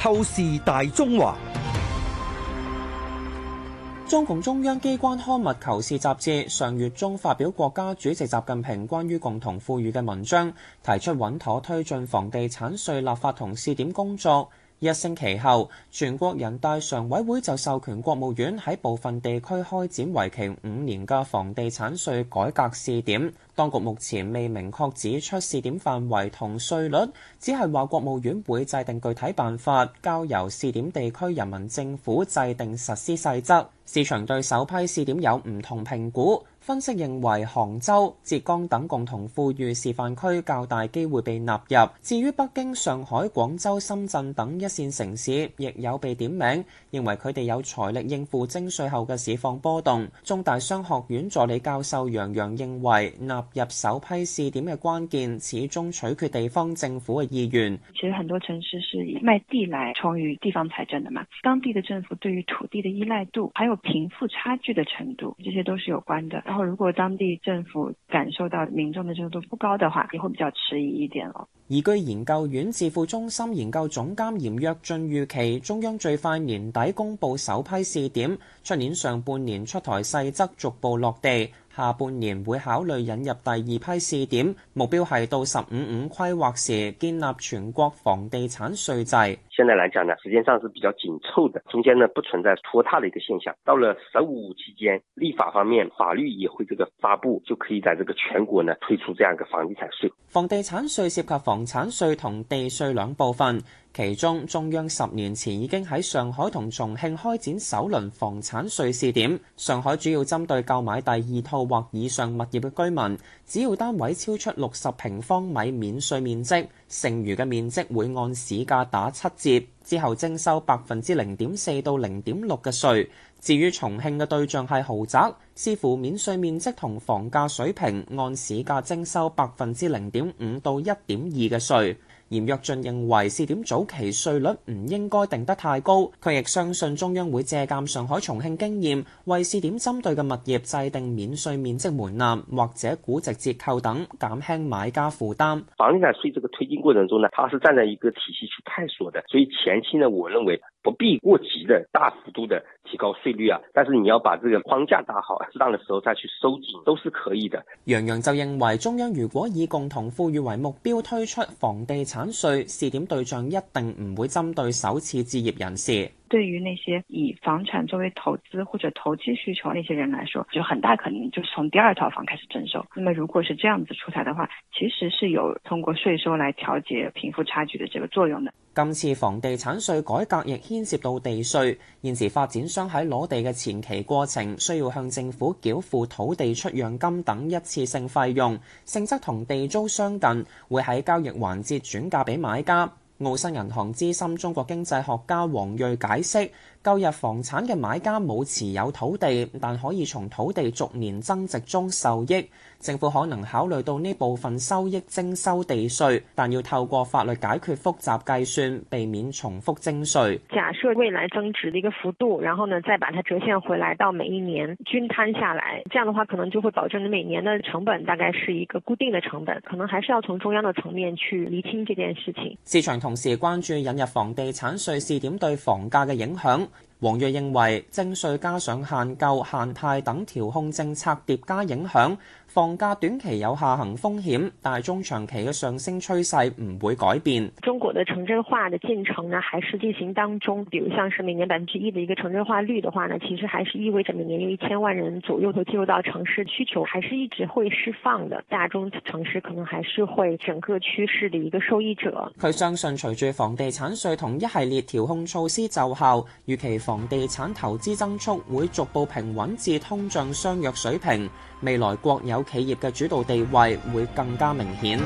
透視大中華，中共中央機關刊物《求是》雜誌上月中發表國家主席習近平關於共同富裕嘅文章，提出穩妥推進房地產稅立法同試點工作。一星期後，全國人大常委會就授權國務院喺部分地區開展為期五年嘅房地產稅改革試點，當局目前未明確指出試點範圍同稅率，只係話國務院會制定具體辦法，交由試點地區人民政府制定實施細則，市場對首批試點有唔同評估。分析認為，杭州、浙江等共同富裕示範區較大機會被納入。至於北京、上海、廣州、深圳等一線城市，亦有被點名，認為佢哋有財力應付徵稅後嘅市況波動。中大商學院助理教授楊洋，洋認為，納入首批試點嘅關鍵，始終取決地方政府嘅意願。其實很多城市是以賣地來充於地方財政嘅嘛，當地嘅政府對於土地嘅依賴度，還有貧富差距的程度，這些都是有關嘅。然後如果當地政府感受到民眾的接受度不高的話，也會比較遲疑一點咯。而據研究院智庫中心研究總監嚴躍進預期，中央最快年底公布首批試點，出年上半年出台細則，逐步落地。下半年會考慮引入第二批試點，目標係到十五五規劃時建立全國房地產稅制。現在來講呢，時間上是比較緊湊的，中間呢不存在拖沓的一個現象。到了十五五期間，立法方面法律也會這個發布，就可以在這個全國呢推出這樣一個房地產稅。房地產稅涉及房產稅同地稅兩部分。其中，中央十年前已經喺上海同重慶開展首輪房產稅試點，上海主要針對購買第二套或以上物業嘅居民，只要單位超出六十平方米免稅面積，剩餘嘅面積會按市價打七折，之後徵收百分之零點四到零點六嘅稅。至於重慶嘅對象係豪宅，視乎免稅面積同房價水平，按市價徵收百分之零點五到一點二嘅稅。嚴躍進認為，試點早期稅率唔應該定得太高，佢亦相信中央會借鑒上海、重慶經驗，為試點針對嘅物業制定免稅面積門檻或者估值折扣等，減輕買家負擔。房地產稅這個推進過程中呢，它是站在一個體系去探索的，所以前期呢，我認為不必過急的大幅度的。提高稅率啊！但是你要把這個框架搭好，適當的時候再去收緊，都是可以的。楊洋就認為，中央如果以共同富裕為目標推出房地產稅試點對象，一定唔會針對首次置業人士。對於那些以房產作為投資或者投機需求那些人來說，就很大可能就是從第二套房開始徵收。那麼如果是這樣子出台的話，其實是有通過稅收來調節貧富差距的這個作用的。今次房地產稅改革亦牽涉到地稅，現時發展商喺攞地嘅前期過程，需要向政府繳付土地出讓金等一次性費用，性質同地租相近，會喺交易環節轉嫁俾買家。澳新銀行資深中國經濟學家王瑞解釋。購入房產嘅買家冇持有土地，但可以從土地逐年增值中受益。政府可能考慮到呢部分收益徵收地稅，但要透過法律解決複雜計算，避免重複徵稅。假設未來增值的一個幅度，然後呢再把它折現回來，到每一年均攤下來，這樣嘅話可能就會保證你每年的成本大概是一個固定的成本。可能還是要從中央的層面去釐清這件事情。市場同時關注引入房地產稅試點對房價嘅影響。王若認為，徵稅加上限購、限貸等調控政策疊加影響，房價短期有下行風險，但中長期嘅上升趨勢唔會改變。中國的城鎮化的進程呢，還是進行當中。比如像是每年百分之一嘅一個城鎮化率的話呢，其實還是意味着每年有一千萬人左右都進入到城市，需求還是一直會釋放的。大中城市可能還是會整個趨勢嘅一個受益者。佢相信，隨住房地產稅同一系列調控措施奏效，預期房。房地產投資增速會逐步平穩至通脹相約水平，未來國有企業嘅主導地位會更加明顯。